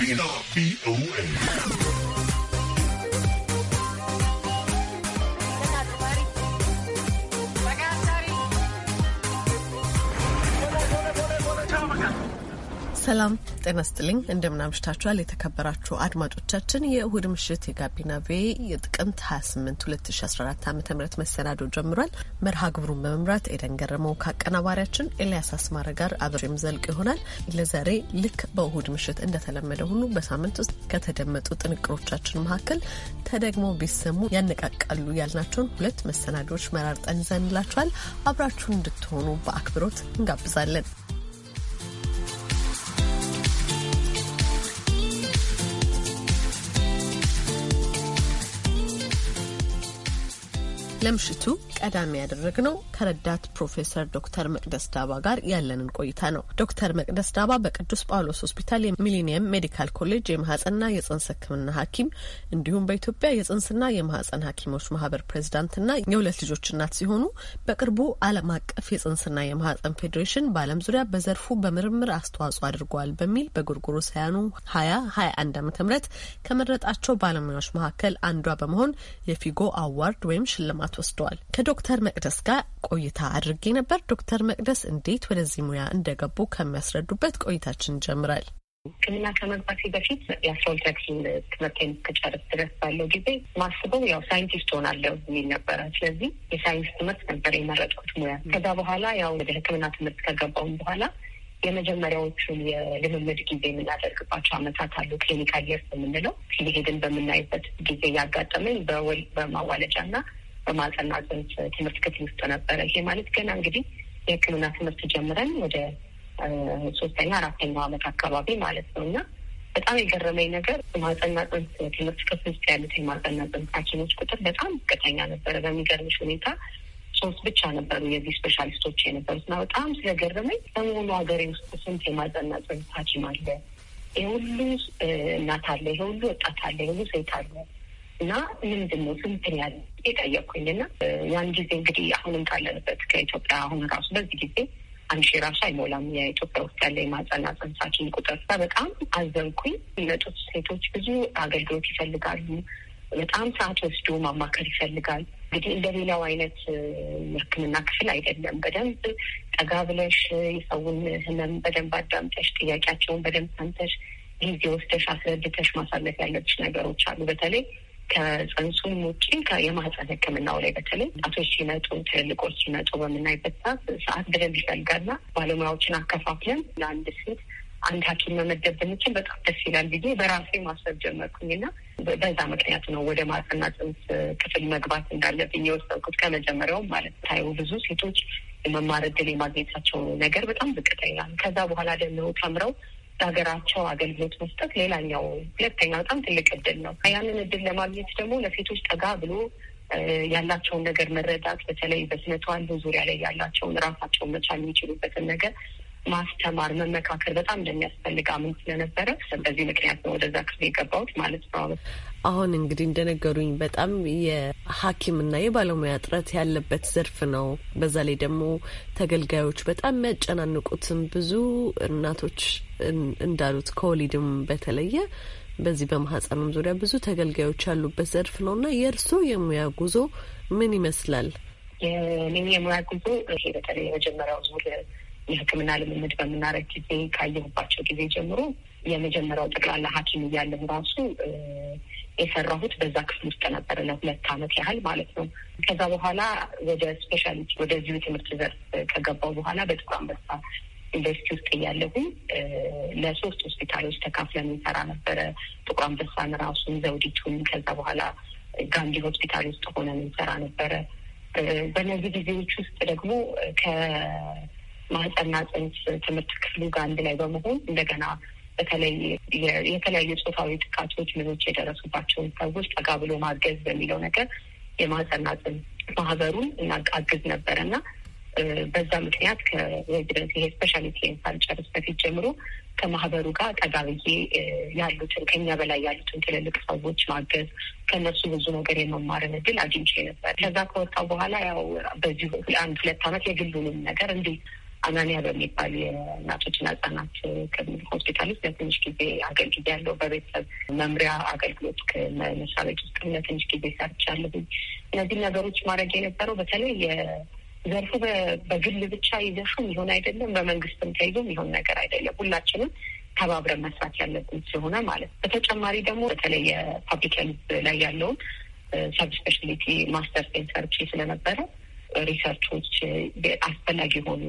ጋቢና ቪኦኤ ሰላም ጤና ስጥልኝ እንደምን አምሽታችኋል የተከበራችሁ አድማጮቻችን የእሁድ ምሽት የጋቢና ቬ የጥቅምት 28 2014 ዓ ም መሰናዶ ጀምሯል መርሃ ግብሩን በመምራት ኤደን ገረመው ከአቀናባሪያችን ኤልያስ አስማረ ጋር አብሬም ዘልቅ ይሆናል ለዛሬ ልክ በእሁድ ምሽት እንደተለመደ ሁሉ በሳምንት ውስጥ ከተደመጡ ጥንቅሮቻችን መካከል ተደግሞ ቢሰሙ ያነቃቃሉ ያልናቸውን ሁለት መሰናዶዎች መራርጠን ይዘንላችኋል አብራችሁን እንድትሆኑ በአክብሮት እንጋብዛለን ለምሽቱ ቀዳሚ ያደረግነው ከረዳት ፕሮፌሰር ዶክተር መቅደስ ዳባ ጋር ያለንን ቆይታ ነው። ዶክተር መቅደስ ዳባ በቅዱስ ጳውሎስ ሆስፒታል የሚሊኒየም ሜዲካል ኮሌጅ የማህጸንና የጽንስ ሕክምና ሐኪም እንዲሁም በኢትዮጵያ የጽንስና የማህጸን ሐኪሞች ማህበር ፕሬዚዳንትና የሁለት ልጆች እናት ሲሆኑ በቅርቡ ዓለም አቀፍ የጽንስና የማህጸን ፌዴሬሽን በዓለም ዙሪያ በዘርፉ በምርምር አስተዋጽኦ አድርጓል በሚል ሳያኑ ሀያ ሀያ አንድ አመተ ምህረት ከመረጣቸው ባለሙያዎች መካከል አንዷ በመሆን የፊጎ አዋርድ ወይም ሽልማት ሰዓት ወስደዋል። ከዶክተር መቅደስ ጋር ቆይታ አድርጌ ነበር። ዶክተር መቅደስ እንዴት ወደዚህ ሙያ እንደገቡ ከሚያስረዱበት ቆይታችን ይጀምራል። ሕክምና ከመግባቴ በፊት የአስራ ሁለተኛ ትምህርቴን እስክጨርስ ድረስ ባለው ጊዜ ማስበው ያው ሳይንቲስት ሆናለሁ የሚል ነበረ። ስለዚህ የሳይንስ ትምህርት ነበር የመረጥኩት ሙያ። ከዛ በኋላ ያው ወደ ሕክምና ትምህርት ከገባውም በኋላ የመጀመሪያዎቹን የልምምድ ጊዜ የምናደርግባቸው ዓመታት አሉ። ክሊኒካል የርስ የምንለው ሲሄድን በምናይበት ጊዜ ያጋጠመኝ በወል በማዋለጃ እና በማህፀንና ጽንስ ትምህርት ክፍል ውስጥ ነበረ። ይሄ ማለት ገና እንግዲህ የሕክምና ትምህርት ጀምረን ወደ ሶስተኛ አራተኛው ዓመት አካባቢ ማለት ነው እና በጣም የገረመኝ ነገር ማህፀንና ጽንስ ትምህርት ክፍል ውስጥ ያሉት የማህፀንና ጽንስ ሐኪሞች ቁጥር በጣም ዝቅተኛ ነበረ። በሚገርምሽ ሁኔታ ሶስት ብቻ ነበሩ የዚህ ስፔሻሊስቶች የነበሩት እና በጣም ስለገረመኝ በመሆኑ ሀገሬ ውስጥ ስንት የማህፀንና ጽንስ ሐኪም አለ? የሁሉ እናት አለ፣ የሁሉ ወጣት አለ፣ የሁሉ ሴት አለ እና ምንድን ነው ስንትን ያለ የጠየቅኩኝና ያን ጊዜ እንግዲህ አሁንም ካለንበት ከኢትዮጵያ አሁን ራሱ በዚህ ጊዜ አንድ ሺ ራሱ አይሞላም የኢትዮጵያ ውስጥ ያለ የማጸና ጽንሳችን ቁጥር ና በጣም አዘንኩኝ። የሚመጡት ሴቶች ብዙ አገልግሎት ይፈልጋሉ። በጣም ሰዓት ወስዶ ማማከር ይፈልጋል። እንግዲህ እንደ ሌላው አይነት ሕክምና ክፍል አይደለም። በደንብ ጠጋ ብለሽ የሰውን ህመም በደንብ አዳምጠሽ፣ ጥያቄያቸውን በደንብ ሰምተሽ፣ ጊዜ ወስደሽ አስረድተሽ ማሳለፍ ያለብሽ ነገሮች አሉ። በተለይ ከጽንሱም ውጭ የማህፀን ሕክምናው ላይ በተለይ ጣቶች ሲመጡ ትልልቆች ሲመጡ በምናይበት ሰዓት ሰዓት በደንብ ይፈልጋልና ባለሙያዎችን አከፋፍለን ለአንድ ሴት አንድ ሐኪም መመደብ ብንችል በጣም ደስ ይላል ብዬ በራሴ ማሰብ ጀመርኩኝና በዛ ምክንያት ነው ወደ ማህፀንና ጽንስ ክፍል መግባት እንዳለብኝ የወሰንኩት ከመጀመሪያውም ማለት ታየው ብዙ ሴቶች የመማር እድል የማግኘታቸው ነገር በጣም ዝቅተኛል። ከዛ በኋላ ደግሞ ተምረው ለሀገራቸው አገልግሎት መስጠት ሌላኛው ሁለተኛ በጣም ትልቅ እድል ነው። ያንን እድል ለማግኘት ደግሞ ለሴቶች ጠጋ ብሎ ያላቸውን ነገር መረዳት፣ በተለይ በስነ ተዋልዶ ዙሪያ ላይ ያላቸውን ራሳቸውን መቻል የሚችሉበትን ነገር ማስተማር፣ መመካከር በጣም እንደሚያስፈልግ አምን ስለነበረ በዚህ ምክንያት ነው ወደዛ ክፍል የገባሁት ማለት ነው። አሁን እንግዲህ እንደነገሩኝ በጣም የሐኪምና የባለሙያ እጥረት ያለበት ዘርፍ ነው። በዛ ላይ ደግሞ ተገልጋዮች በጣም የሚያጨናንቁትም ብዙ እናቶች እንዳሉት ከወሊድም በተለየ በዚህ በማህፀኑም ዙሪያ ብዙ ተገልጋዮች ያሉበት ዘርፍ ነው እና የእርስዎ የሙያ ጉዞ ምን ይመስላል? የኔ የሙያ ጉዞ ይሄ በተለይ የመጀመሪያው ዙር የሕክምና ልምምድ በምናረግ ጊዜ ካየሁባቸው ጊዜ ጀምሮ የመጀመሪያው ጠቅላላ ሐኪም እያለም ራሱ የሰራሁት በዛ ክፍል ውስጥ ነበር ለሁለት አመት ያህል ማለት ነው። ከዛ በኋላ ወደ ስፔሻሊቲ ወደዚሁ ትምህርት ዘርፍ ከገባው በኋላ በጥቁር አንበሳ ዩኒቨርሲቲ ውስጥ እያለሁ ለሶስት ሆስፒታሎች ተካፍለን እንሰራ ነበረ። ጥቁር አንበሳን ራሱን፣ ዘውዲቱን ከዛ በኋላ ጋንዲ ሆስፒታል ውስጥ ሆነን እንሰራ ነበረ። በእነዚህ ጊዜዎች ውስጥ ደግሞ ማህፀንና ጽንስ ትምህርት ክፍሉ ጋር አንድ ላይ በመሆን እንደገና በተለይ የተለያዩ ጾታዊ ጥቃቶች ምኖች የደረሱባቸውን ሰዎች ጠጋ ብሎ ማገዝ በሚለው ነገር የማህፀንና ጽንስ ማህበሩን እናግዝ ነበረ እና በዛ ምክንያት ከሬዚደንስ ይሄ ስፔሻሊቲ ሳልጨርስ በፊት ጀምሮ ከማህበሩ ጋር ጠጋ ብዬ ያሉትን ከኛ በላይ ያሉትን ትልልቅ ሰዎች ማገዝ ከነሱ ብዙ ነገር የመማርን እድል አግኝቼ ነበር። ከዛ ከወጣው በኋላ ያው በዚሁ አንድ ሁለት ዓመት የግሉንም ነገር እንዲህ አናኒያ በሚባል የእናቶችና ህጻናት ከሚል ሆስፒታል ውስጥ ለትንሽ ጊዜ አገልግያለሁ። በቤተሰብ መምሪያ አገልግሎት ከመነሳ ቤት ውስጥ ለትንሽ ጊዜ ሰርቻለሁ። እነዚህ ነገሮች ማድረግ የነበረው በተለይ የዘርፉ በግል ብቻ ይዘሹም ይሆን አይደለም፣ በመንግስትም ተይዞም ይሆን ነገር አይደለም። ሁላችንም ተባብረን መስራት ያለብን ስለሆነ ማለት ነው። በተጨማሪ ደግሞ በተለይ የፓብሊክ ሄልዝ ላይ ያለውን ሰብስፔሻሊቲ ማስተር ሴንተር ስለነበረ ሪሰርቾች፣ አስፈላጊ የሆኑ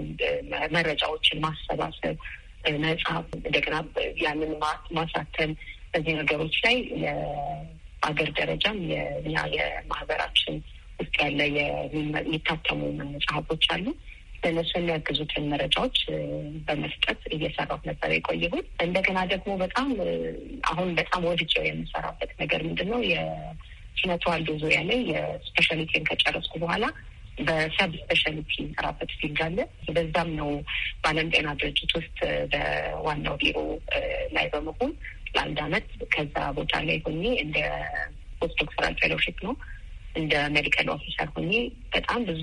መረጃዎችን ማሰባሰብ፣ መጽሐፍ፣ እንደገና ያንን ማሳተም በዚህ ነገሮች ላይ የአገር ደረጃም የኛ የማህበራችን ውስጥ ያለ የሚታተሙ መጽሐፎች አሉ። ለነሱ የሚያግዙትን መረጃዎች በመስጠት እየሰራሁ ነበር የቆየሁት። እንደገና ደግሞ በጣም አሁን በጣም ወድጀው የምሰራበት ነገር ምንድን ነው? የስነ ተዋልዶ ዙሪያ ላይ የስፔሻሊቲን ከጨረስኩ በኋላ በሰብ ስፔሻሊቲ ራበት ፊልድ አለ። በዛም ነው በዓለም ጤና ድርጅት ውስጥ በዋናው ቢሮ ላይ በመሆን ለአንድ አመት ከዛ ቦታ ላይ ሆኜ እንደ ፖስት ዶክተራል ፌሎሺፕ ነው እንደ ሜዲካል ኦፊሰር ሆኜ በጣም ብዙ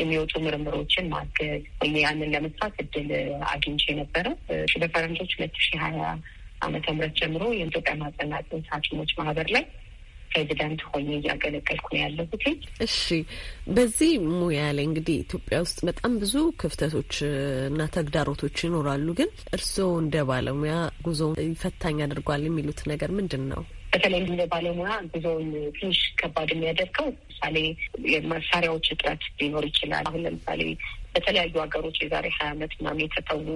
የሚወጡ ምርምሮችን ማገዝ ወይ ያንን ለመስራት እድል አግኝቼ ነበረ። በፈረንጆች ሁለት ሺ ሀያ አመተ ምህረት ጀምሮ የኢትዮጵያ ማህጸንና ጽንስ ሐኪሞች ማህበር ላይ ፕሬዚዳንት ሆኜ እያገለገልኩ ነው ያለሁት። እሺ፣ በዚህ ሙያ ላይ እንግዲህ ኢትዮጵያ ውስጥ በጣም ብዙ ክፍተቶች እና ተግዳሮቶች ይኖራሉ። ግን እርስዎ እንደ ባለሙያ ጉዞ ፈታኝ አድርጓል የሚሉት ነገር ምንድን ነው? በተለይ እንደ ባለሙያ ብዙውን ትንሽ ከባድ የሚያደርገው ምሳሌ የመሳሪያዎች እጥረት ሊኖር ይችላል። አሁን ለምሳሌ በተለያዩ ሀገሮች የዛሬ ሀያ ዓመት ምናምን የተተዉ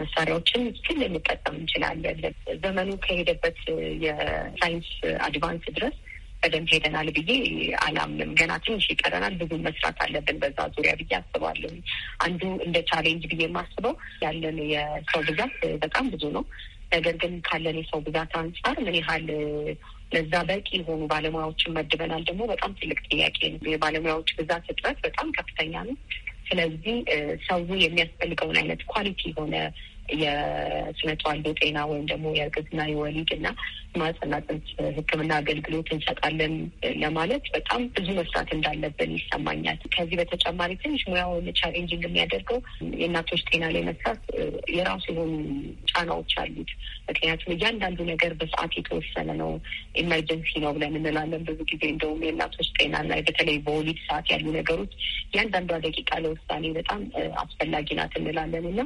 መሳሪያዎችን ስል ልንጠቀም እንችላለን። ዘመኑ ከሄደበት የሳይንስ አድቫንስ ድረስ በደንብ ሄደናል ብዬ አላምንም። ገና ትንሽ ይቀረናል፣ ብዙ መስራት አለብን በዛ ዙሪያ ብዬ አስባለሁ። አንዱ እንደ ቻሌንጅ ብዬ የማስበው ያለን የሰው ብዛት በጣም ብዙ ነው። ነገር ግን ካለን የሰው ብዛት አንጻር ምን ያህል ለዛ በቂ የሆኑ ባለሙያዎችን መድበናል ደግሞ በጣም ትልቅ ጥያቄ ነው። የባለሙያዎች ብዛት እጥረት በጣም ከፍተኛ ነው። ስለዚህ ሰው የሚያስፈልገውን አይነት ኳሊቲ የሆነ የስነ ተዋልዶ ጤና ወይም ደግሞ የእርግዝና የወሊድ እና ማህጸንና ጽንስ ሕክምና አገልግሎት እንሰጣለን ለማለት በጣም ብዙ መስራት እንዳለብን ይሰማኛል። ከዚህ በተጨማሪ ትንሽ ሙያውን ቻሌንጂንግ የሚያደርገው የእናቶች ጤና ላይ መስራት የራሱ የሆኑ ጫናዎች አሉት። ምክንያቱም እያንዳንዱ ነገር በሰዓት የተወሰነ ነው። ኤመርጀንሲ ነው ብለን እንላለን ብዙ ጊዜ። እንደውም የእናቶች ጤና ላይ በተለይ በወሊድ ሰዓት ያሉ ነገሮች እያንዳንዷ ደቂቃ ለውሳኔ በጣም አስፈላጊ ናት እንላለን እና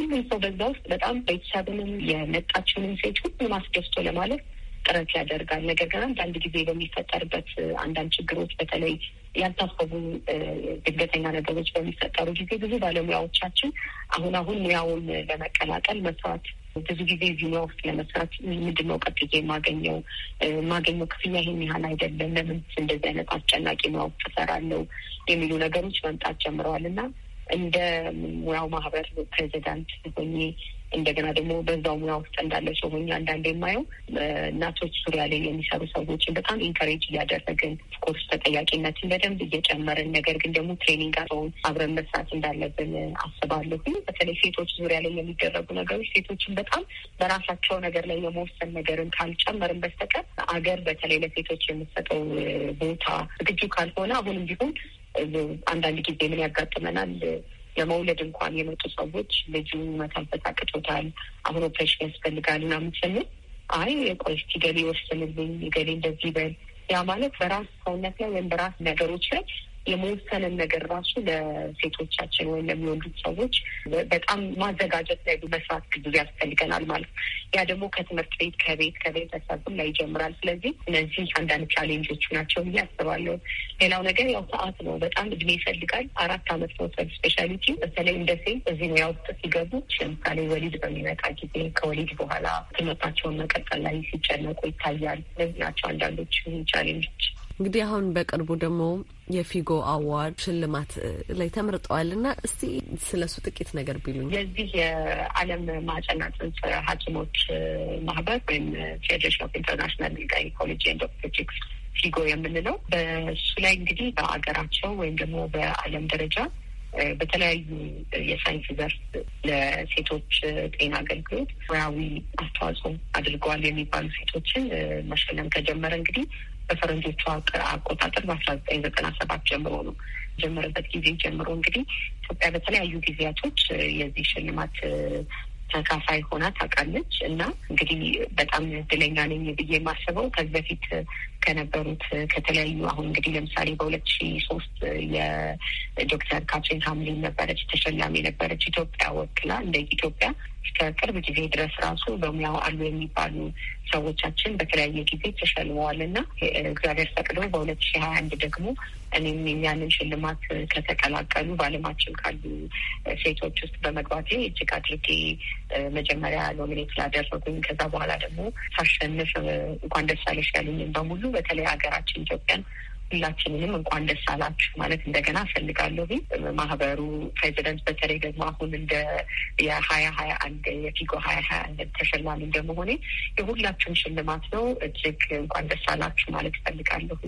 ሁሉም ሰው በዛ ውስጥ በጣም ቤተሰብንም የመጣችውንም ሴት ሁሉም አስደስቶ ለማለት ጥረት ያደርጋል። ነገር ግን አንዳንድ ጊዜ በሚፈጠርበት አንዳንድ ችግሮች በተለይ ያልታሰቡ ድንገተኛ ነገሮች በሚፈጠሩ ጊዜ ብዙ ባለሙያዎቻችን አሁን አሁን ሙያውን ለመቀላቀል መስራት ብዙ ጊዜ እዚህ ሙያ ውስጥ ለመስራት ምንድን ነው ቀጥዬ የማገኘው የማገኘው ክፍያ ይህን ያህል አይደለም፣ ለምን እንደዚህ አይነት አስጨናቂ ሙያ ውስጥ እሰራለሁ የሚሉ ነገሮች መምጣት ጀምረዋል እና እንደ ሙያው ማህበር ፕሬዚዳንት ሆኜ እንደገና ደግሞ በዛው ሙያ ውስጥ እንዳለ ሰው ሆኜ አንዳንድ የማየው እናቶች ዙሪያ ላይ የሚሰሩ ሰዎችን በጣም ኢንከሬጅ እያደረግን ኮርስ ተጠያቂነትን በደንብ እየጨመርን ነገር ግን ደግሞ ትሬኒንግ ሰውን አብረን መስራት እንዳለብን አስባለሁ። በተለይ ሴቶች ዙሪያ ላይ የሚደረጉ ነገሮች ሴቶችን በጣም በራሳቸው ነገር ላይ የመወሰን ነገርን ካልጨመርን በስተቀር አገር በተለይ ለሴቶች የምሰጠው ቦታ ዝግጁ ካልሆነ አሁንም ቢሆን አንዳንድ ጊዜ ምን ያጋጥመናል ለመውለድ እንኳን የመጡ ሰዎች ልጁ መተንፈስ አቅቶታል፣ አሁን ኦፕሬሽን ያስፈልጋል ምናምን ስንል አይ ቆይ እስኪ ገሌ ወስንልኝ፣ ገሌ እንደዚህ በል ያ ማለት በራስ ሰውነት ላይ ወይም በራስ ነገሮች ላይ የመወሰንን ነገር ራሱ ለሴቶቻችን ወይም ለሚወልዱት ሰዎች በጣም ማዘጋጀት ላይ መስራት ብዙ ያስፈልገናል ማለት ነው። ያ ደግሞ ከትምህርት ቤት፣ ከቤት ከቤተሰብም ላይ ይጀምራል። ስለዚህ እነዚህ አንዳንድ ቻሌንጆቹ ናቸው ብዬ አስባለሁ። ሌላው ነገር ያው ሰዓት ነው። በጣም እድሜ ይፈልጋል። አራት አመት መውሰድ ስፔሻሊቲ በተለይ እንደ ሴት እዚህ ሙያ ውስጥ ሲገቡ ለምሳሌ ወሊድ በሚመጣ ጊዜ ከወሊድ በኋላ ትምህርታቸውን መቀጠል ላይ ሲጨነቁ ይታያል። እነዚህ ናቸው አንዳንዶች ቻሌንጆች እንግዲህ አሁን በቅርቡ ደግሞ የፊጎ አዋርድ ሽልማት ላይ ተመርጠዋል እና እስቲ ስለሱ ጥቂት ነገር ቢሉኝ። የዚህ የዓለም ማህጸንና ጽንስ ሐኪሞች ማህበር ወይም ፌዴሬሽን ኦፍ ኢንተርናሽናል ጋይናኮሎጂ ኤንድ ኦብስቴትሪክስ ፊጎ የምንለው በሱ ላይ እንግዲህ በአገራቸው ወይም ደግሞ በዓለም ደረጃ በተለያዩ የሳይንስ ዘርፍ ለሴቶች ጤና አገልግሎት ሙያዊ አስተዋጽኦ አድርገዋል የሚባሉ ሴቶችን መሸለም ከጀመረ እንግዲህ በፈረንጆቹ አቆጣጠር በአስራ ዘጠኝ ዘጠና ሰባት ጀምሮ ነው። ጀመረበት ጊዜ ጀምሮ እንግዲህ ኢትዮጵያ በተለያዩ ጊዜያቶች የዚህ ሽልማት ተካፋይ ሆና ታውቃለች እና እንግዲህ በጣም እድለኛ ነኝ ብዬ የማስበው ከዚህ በፊት ከነበሩት ከተለያዩ አሁን እንግዲህ ለምሳሌ በሁለት ሺ ሶስት የዶክተር ካትሪን ሀምሊን ነበረች ተሸላሚ የነበረች ኢትዮጵያ ወክላ እንደ ኢትዮጵያ እስከ ቅርብ ጊዜ ድረስ ራሱ በሙያው አሉ የሚባሉ ሰዎቻችን በተለያየ ጊዜ ተሸልመዋል እና እግዚአብሔር ፈቅዶ በሁለት ሺ ሀያ አንድ ደግሞ እኔም ያንን ሽልማት ከተቀላቀሉ በዓለማችን ካሉ ሴቶች ውስጥ በመግባቴ እጅግ አድርጌ መጀመሪያ ኖሚኔት ስላደረጉኝ ከዛ በኋላ ደግሞ ሳሸንፍ እንኳን ደስ አለሽ ያሉኝም በሙሉ በተለይ ሀገራችን ኢትዮጵያን ሁላችንንም እንኳን ደስ አላችሁ ማለት እንደገና እፈልጋለሁ። ማህበሩ ፕሬዚደንት፣ በተለይ ደግሞ አሁን እንደ የሀያ ሀያ አንድ የፊጎ ሀያ ሀያ አንድ ተሸላሚ እንደመሆኔ የሁላችሁም ሽልማት ነው። እጅግ እንኳን ደስ አላችሁ ማለት እፈልጋለሁ።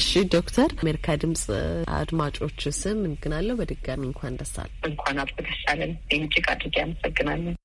እሺ ዶክተር፣ አሜሪካ ድምጽ አድማጮች ስም እንግናለሁ በድጋሚ እንኳን ደስ አለ እንኳን አብሮ ደስ አለን። እጅግ አድርጌ አመሰግናለን።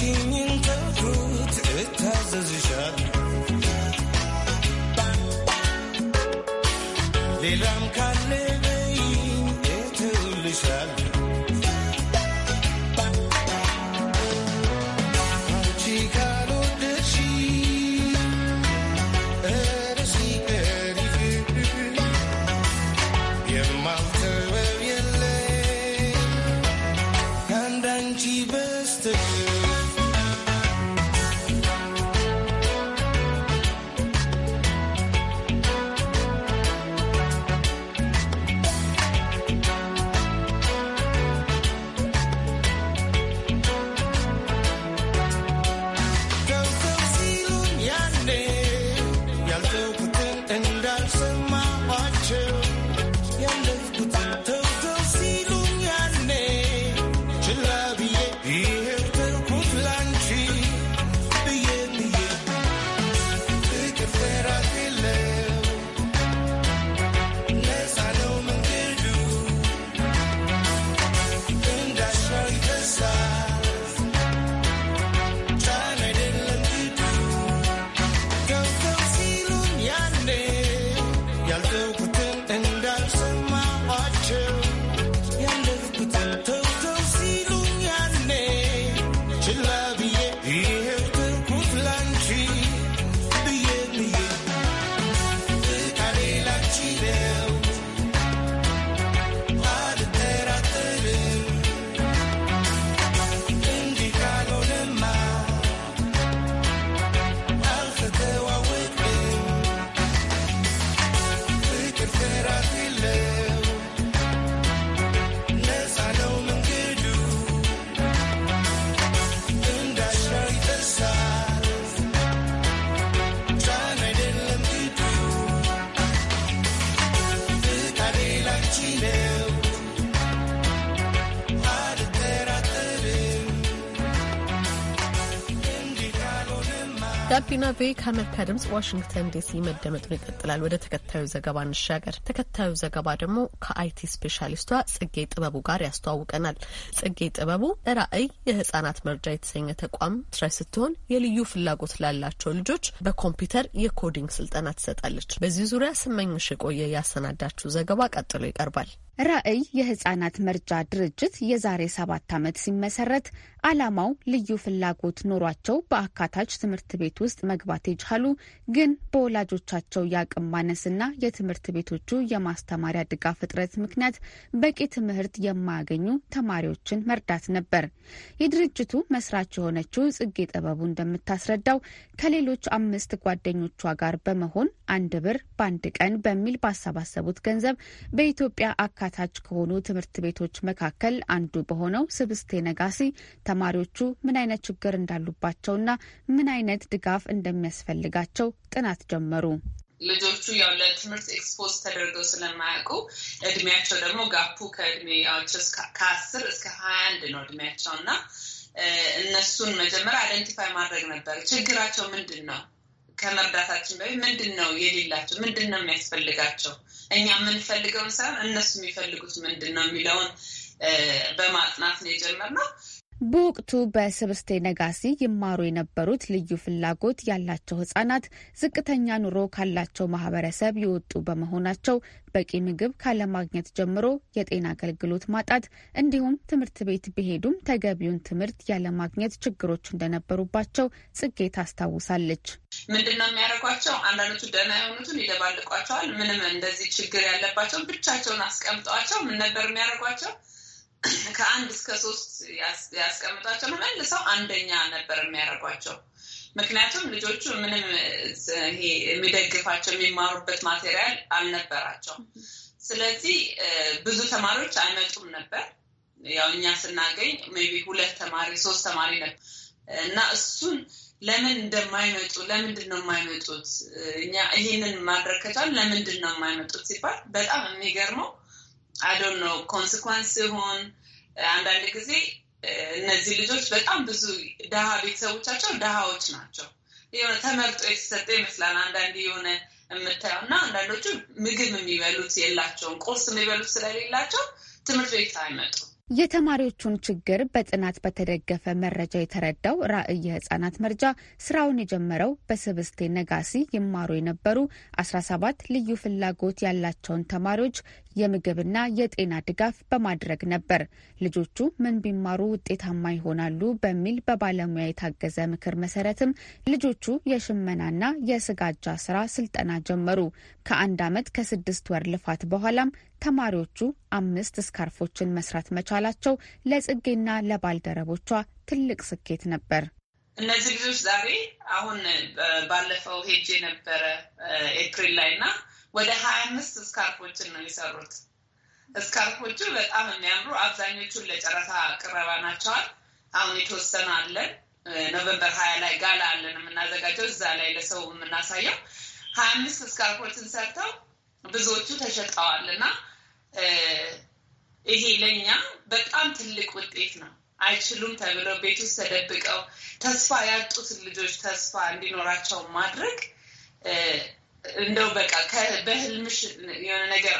今你。ጋቢና ቬ ከአሜሪካ ድምጽ ዋሽንግተን ዲሲ መደመጡን ይቀጥላል። ወደ ተከታዩ ዘገባ እንሻገር። ተከታዩ ዘገባ ደግሞ ከአይቲ ስፔሻሊስቷ ጽጌ ጥበቡ ጋር ያስተዋውቀናል። ጽጌ ጥበቡ ራዕይ የህጻናት መርጃ የተሰኘ ተቋም ትራይ ስትሆን የልዩ ፍላጎት ላላቸው ልጆች በኮምፒውተር የኮዲንግ ስልጠና ትሰጣለች። በዚህ ዙሪያ ስመኝሽ የቆየ ያሰናዳችው ዘገባ ቀጥሎ ይቀርባል። ራዕይ የህጻናት መርጃ ድርጅት የዛሬ ሰባት ዓመት ሲመሰረት ዓላማው ልዩ ፍላጎት ኖሯቸው በአካታች ትምህርት ቤት ውስጥ መግባት የቻሉ ግን በወላጆቻቸው የአቅም ማነስና የትምህርት ቤቶቹ የማስተማሪያ ድጋፍ እጥረት ምክንያት በቂ ትምህርት የማያገኙ ተማሪዎችን መርዳት ነበር። የድርጅቱ መስራች የሆነችው ጽጌ ጥበቡ እንደምታስረዳው ከሌሎች አምስት ጓደኞቿ ጋር በመሆን አንድ ብር በአንድ ቀን በሚል ባሰባሰቡት ገንዘብ በኢትዮጵያ አካታች ከሆኑ ትምህርት ቤቶች መካከል አንዱ በሆነው ስብስቴ ነጋሲ ተማሪዎቹ ምን አይነት ችግር እንዳሉባቸውና ምን አይነት ድጋፍ እንደሚያስፈልጋቸው ጥናት ጀመሩ። ልጆቹ ያው ለትምህርት ኤክስፖዝ ተደርገው ስለማያውቁ እድሜያቸው ደግሞ ጋፑ ከእድሜያቸው ከአስር እስከ ሀያ አንድ ነው እድሜያቸው እና እነሱን መጀመሪያ አይደንቲፋይ ማድረግ ነበር። ችግራቸው ምንድን ነው? ከመርዳታችን በፊት ምንድን ነው የሌላቸው? ምንድን ነው የሚያስፈልጋቸው? እኛ የምንፈልገውን ሳይሆን እነሱ የሚፈልጉት ምንድን ነው የሚለውን በማጥናት ነው የጀመርነው። በወቅቱ በስብስቴ ነጋሲ ይማሩ የነበሩት ልዩ ፍላጎት ያላቸው ህጻናት ዝቅተኛ ኑሮ ካላቸው ማህበረሰብ የወጡ በመሆናቸው በቂ ምግብ ካለማግኘት ጀምሮ የጤና አገልግሎት ማጣት እንዲሁም ትምህርት ቤት ቢሄዱም ተገቢውን ትምህርት ያለማግኘት ችግሮች እንደነበሩባቸው ጽጌ ታስታውሳለች። ምንድን ነው የሚያደርጓቸው? አንዳንዶቹ ደህና የሆኑትን ይደባልቋቸዋል። ምንም እንደዚህ ችግር ያለባቸው ብቻቸውን አስቀምጠዋቸው ምን ነበር የሚያደርጓቸው? ከአንድ እስከ ሶስት ያስቀምጧቸው መልሰው አንደኛ ነበር የሚያደርጓቸው። ምክንያቱም ልጆቹ ምንም ይሄ የሚደግፋቸው የሚማሩበት ማቴሪያል አልነበራቸው። ስለዚህ ብዙ ተማሪዎች አይመጡም ነበር። ያው እኛ ስናገኝ ሜይ ቢ ሁለት ተማሪ ሶስት ተማሪ ነበር እና እሱን ለምን እንደማይመጡ ለምንድን ነው የማይመጡት? እኛ ይህንን ማድረግ ከቻሉ ለምንድን ነው የማይመጡት ሲባል በጣም የሚገርመው አይዶን ነው ኮንስኳንስ ሲሆን አንዳንድ ጊዜ እነዚህ ልጆች በጣም ብዙ ድሃ ቤተሰቦቻቸው ድሃዎች ናቸው። የሆነ ተመርጦ የተሰጠ ይመስላል አንዳንድ የሆነ የምታየው እና አንዳንዶቹ ምግብ የሚበሉት የላቸውም። ቁርስ የሚበሉት ስለሌላቸው ትምህርት ቤት አይመጡ። የተማሪዎቹን ችግር በጥናት በተደገፈ መረጃ የተረዳው ራዕይ ህጻናት መርጃ ስራውን የጀመረው በስብስቴ ነጋሲ ይማሩ የነበሩ 17 ልዩ ፍላጎት ያላቸውን ተማሪዎች የምግብና የጤና ድጋፍ በማድረግ ነበር። ልጆቹ ምን ቢማሩ ውጤታማ ይሆናሉ በሚል በባለሙያ የታገዘ ምክር መሰረትም ልጆቹ የሽመናና የስጋጃ ስራ ስልጠና ጀመሩ። ከአንድ ዓመት ከስድስት ወር ልፋት በኋላም ተማሪዎቹ አምስት ስካርፎችን መስራት መቻላቸው ለጽጌና ለባልደረቦቿ ትልቅ ስኬት ነበር። እነዚህ ልጆች ዛሬ አሁን ባለፈው ሄጄ ነበረ ኤፕሪል ላይ እና ወደ ሀያ አምስት ስካርፎችን ነው የሰሩት። ስካርፎቹ በጣም የሚያምሩ አብዛኞቹን ለጨረታ ቅረባ ናቸዋል። አሁን የተወሰነ አለን። ኖቨምበር ሀያ ላይ ጋላ አለን የምናዘጋጀው እዛ ላይ ለሰው የምናሳየው ሀያ አምስት ስካርፎችን ሰርተው ብዙዎቹ ተሸጠዋል እና ይሄ ለእኛ በጣም ትልቅ ውጤት ነው። አይችሉም ተብለው ቤት ውስጥ ተደብቀው ተስፋ ያጡትን ልጆች ተስፋ እንዲኖራቸው ማድረግ እንደው በቃ በህልምሽ የሆነ ነገር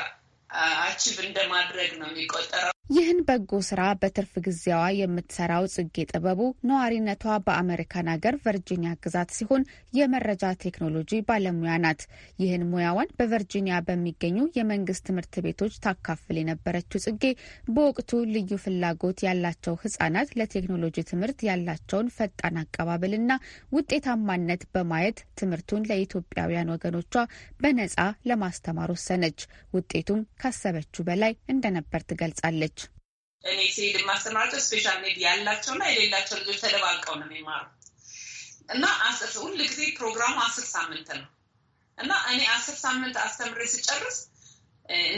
አቺቭ እንደማድረግ ነው የሚቆጠረው ይህን በጎ ስራ በትርፍ ጊዜዋ የምትሰራው ጽጌ ጥበቡ ነዋሪነቷ በአሜሪካን ሀገር ቨርጂኒያ ግዛት ሲሆን የመረጃ ቴክኖሎጂ ባለሙያ ናት። ይህን ሙያዋን በቨርጂኒያ በሚገኙ የመንግስት ትምህርት ቤቶች ታካፍል የነበረችው ጽጌ በወቅቱ ልዩ ፍላጎት ያላቸው ህጻናት ለቴክኖሎጂ ትምህርት ያላቸውን ፈጣን አቀባበልና ውጤታማነት በማየት ትምህርቱን ለኢትዮጵያውያን ወገኖቿ በነጻ ለማስተማር ወሰነች። ውጤቱም ካሰበችው በላይ እንደነበር ትገልጻለች። እኔ ሲሄድ የማስተምራቸው ስፔሻል ኔድ ያላቸውና የሌላቸው ልጆች ተደባልቀው ነው የሚማሩ እና ሁል ጊዜ ፕሮግራሙ አስር ሳምንት ነው እና እኔ አስር ሳምንት አስተምሬ ስጨርስ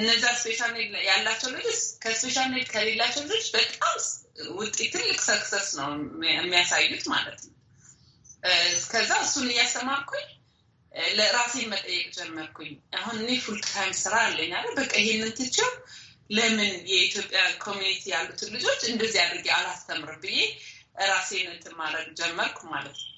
እነዛ ስፔሻል ኔድ ያላቸው ልጆች ከስፔሻል ኔድ ከሌላቸው ልጆች በጣም ውጤት ትልቅ ሰክሰስ ነው የሚያሳዩት ማለት ነው። ከዛ እሱን እያስተማርኩኝ ለራሴን መጠየቅ ጀመርኩኝ። አሁን እኔ ፉልታይም ስራ አለኝ አለ በቃ ይሄንን ትቼው ለምን የኢትዮጵያ ኮሚኒቲ ያሉትን ልጆች እንደዚህ አድርጌ አላስተምር ብዬ ራሴን እንትን ማድረግ ጀመርኩ ማለት ነው።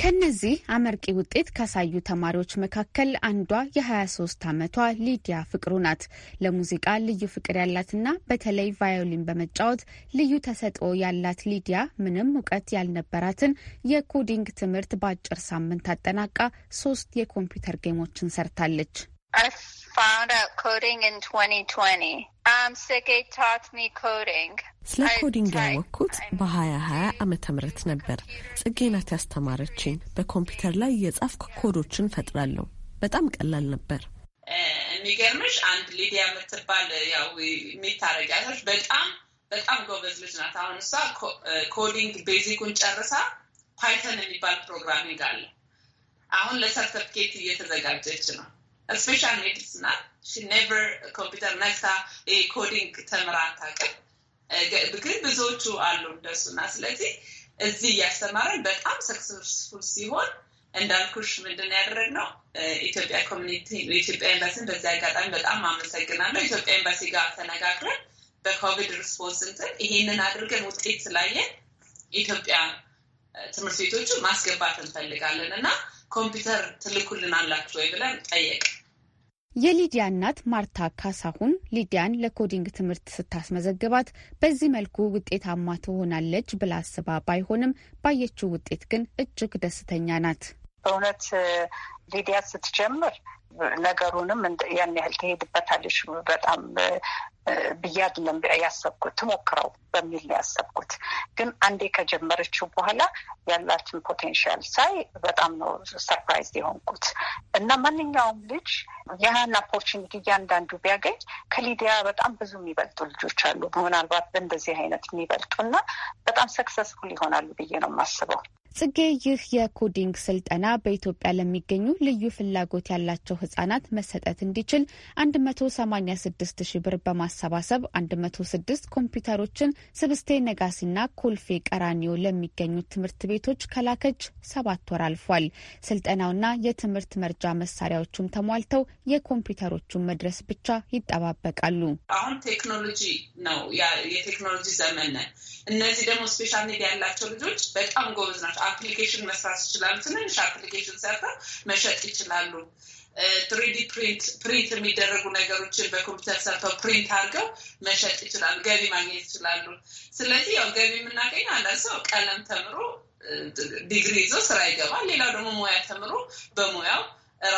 ከነዚህ አመርቂ ውጤት ካሳዩ ተማሪዎች መካከል አንዷ የ23 ዓመቷ ሊዲያ ፍቅሩ ናት። ለሙዚቃ ልዩ ፍቅር ያላትና በተለይ ቫዮሊን በመጫወት ልዩ ተሰጥኦ ያላት ሊዲያ ምንም እውቀት ያልነበራትን የኮዲንግ ትምህርት በአጭር ሳምንት አጠናቃ ሶስት የኮምፒውተር ጌሞችን ሰርታለች። I found out coding in 2020. Um, Sergey taught me coding. ስለ ኮዲንግ ያወቅኩት በ2020 ዓመተ ምህረት ነበር። ጽጌ ናት ያስተማረችኝ። በኮምፒውተር ላይ የጻፍኩ ኮዶችን ፈጥራለሁ። በጣም ቀላል ነበር። የሚገርምሽ አንድ ሊዲያ የምትባል ያው የሚታረጊያቶች በጣም በጣም ጎበዝ ልጅ ናት። አሁን እሷ ኮዲንግ ቤዚኩን ጨርሳ ፓይተን የሚባል ፕሮግራሚንግ አለ። አሁን ለሰርተፍኬት እየተዘጋጀች ነው ስፔሻል ኔድስ ናት። ኔቨር ኮምፒውተር ነክታ ኮዲንግ ተምራ አታውቅም። ግን ብዙዎቹ አሉ እንደሱ እና ስለዚህ እዚህ እያስተማረን በጣም ሰክሰስፉል ሲሆን እንዳልኩሽ ምንድን ነው uh, ኢትዮጵያ ኮሚኒቲ ኢትዮጵያ ኤምባሲን በዚህ አጋጣሚ በጣም አመሰግናለሁ። ኢትዮጵያ ኤምባሲ ጋር ተነጋግረን በኮቪድ ሪስፖንስ እንትን ይሄንን አድርገን ውጤት ስላየን ኢትዮጵያ uh, ትምህርት ቤቶቹ ማስገባት እንፈልጋለን እና ኮምፒውተር ትልኩልን አላችሁ ወይ ብለን ጠየቅ የሊዲያ እናት ማርታ ካሳሁን ሊዲያን ለኮዲንግ ትምህርት ስታስመዘግባት በዚህ መልኩ ውጤታማ ትሆናለች ብላ አስባ ባይሆንም ባየችው ውጤት ግን እጅግ ደስተኛ ናት። በእውነት ሊዲያ ስትጀምር ነገሩንም ያን ያህል ትሄድበታለች በጣም ብያድለም ያሰብኩት ትሞክረው በሚል ነው ያሰብኩት። ግን አንዴ ከጀመረችው በኋላ ያላትን ፖቴንሻል ሳይ በጣም ነው ሰርፕራይዝ የሆንኩት እና ማንኛውም ልጅ ያህን ኦፖርቹኒቲ እያንዳንዱ ቢያገኝ ከሊዲያ በጣም ብዙ የሚበልጡ ልጆች አሉ። ምናልባት በእንደዚህ አይነት የሚበልጡ እና በጣም ሰክሰስፉል ይሆናሉ ብዬ ነው የማስበው። ጽጌ ይህ የኮዲንግ ስልጠና በኢትዮጵያ ለሚገኙ ልዩ ፍላጎት ያላቸው ህጻናት መሰጠት እንዲችል 186 ሺ ብር በማሰባሰብ 106 ኮምፒውተሮችን ስብስቴ ነጋሲና ኮልፌ ቀራኒዮ ለሚገኙ ትምህርት ቤቶች ከላከች ሰባት ወር አልፏል። ስልጠናውና የትምህርት መርጃ መሳሪያዎቹም ተሟልተው የኮምፒውተሮቹን መድረስ ብቻ ይጠባበቃሉ። አሁን ቴክኖሎጂ ነው፣ የቴክኖሎጂ ዘመን ነን። እነዚህ ደግሞ ስፔሻል ኒድ ያላቸው ልጆች በጣም ጎበዝ ናቸው። አፕሊኬሽን መስራት ይችላሉ። ትንንሽ አፕሊኬሽን ሰርተው መሸጥ ይችላሉ። ትሪዲ ፕሪንት ፕሪንት የሚደረጉ ነገሮችን በኮምፒውተር ሰርተው ፕሪንት አድርገው መሸጥ ይችላሉ። ገቢ ማግኘት ይችላሉ። ስለዚህ ያው ገቢ የምናገኘው አንዳንድ ሰው ቀለም ተምሮ ዲግሪ ይዞ ስራ ይገባል። ሌላው ደግሞ ሙያ ተምሮ በሙያው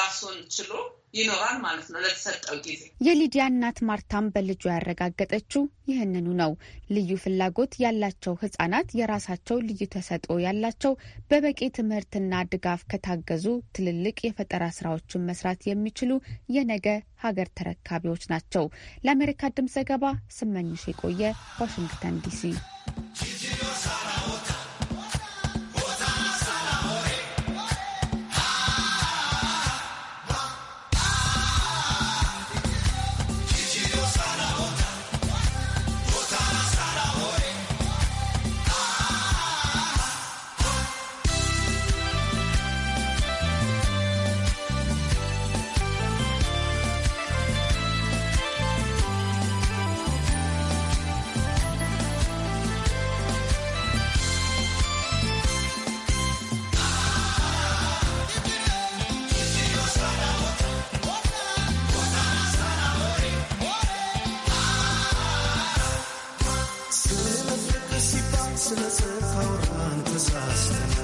ራሱን ችሎ ይኖራል ማለት ነው ለተሰጠው ጊዜ። የሊዲያ እናት ማርታም በልጇ ያረጋገጠችው ይህንኑ ነው። ልዩ ፍላጎት ያላቸው ህጻናት የራሳቸው ልዩ ተሰጥኦ ያላቸው በበቂ ትምህርትና ድጋፍ ከታገዙ ትልልቅ የፈጠራ ስራዎችን መስራት የሚችሉ የነገ ሀገር ተረካቢዎች ናቸው። ለአሜሪካ ድምፅ ዘገባ ስመኝሽ የቆየ ዋሽንግተን ዲሲ። ስለ ጽፈውራን ተሳስተና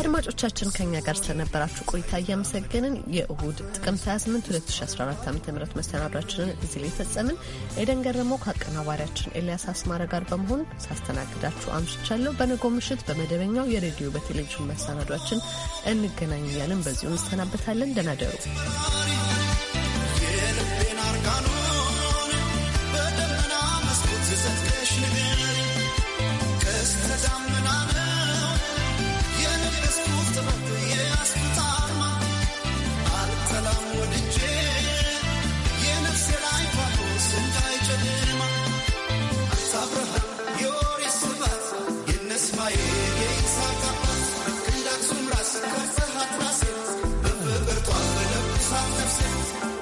አድማጮቻችን ከኛ ጋር ስለነበራችሁ ቆይታ እያመሰገንን የእሁድ ጥቅምት 28 2014 ዓ ም መሰናዷችንን እዚህ ላይ ፈጸምን። ኤደን ገረመው ከአቀናባሪያችን ኤልያስ አስማረ ጋር በመሆን ሳስተናግዳችሁ አምሽቻለሁ። በነገው ምሽት በመደበኛው የሬዲዮ በቴሌቪዥን መሰናዷችን እንገናኝ እያልን በዚሁ እንሰናበታለን። ደናደሩ Texas.